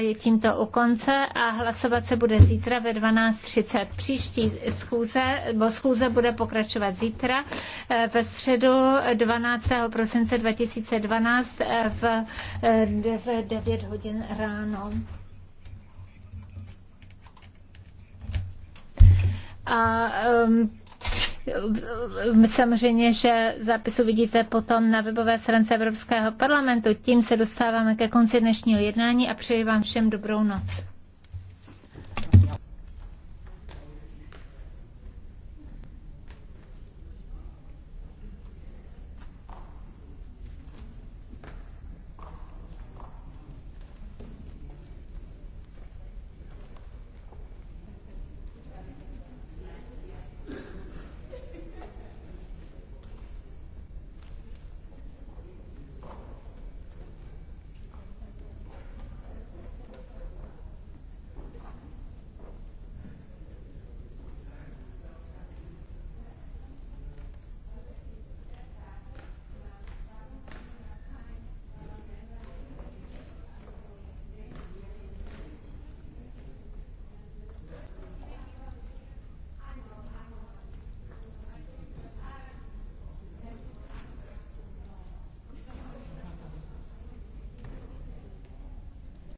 je tímto u konce a hlasovat se bude zítra ve 12.30. Příští schůze, bo schůze bude pokračovat zítra eh, ve středu 12. prosince 2012 eh, v 9 eh, hodin ráno. A um, Samozřejmě, že zápisu vidíte potom na webové stránce Evropského parlamentu. Tím se dostáváme ke konci dnešního jednání a přeji vám všem dobrou noc.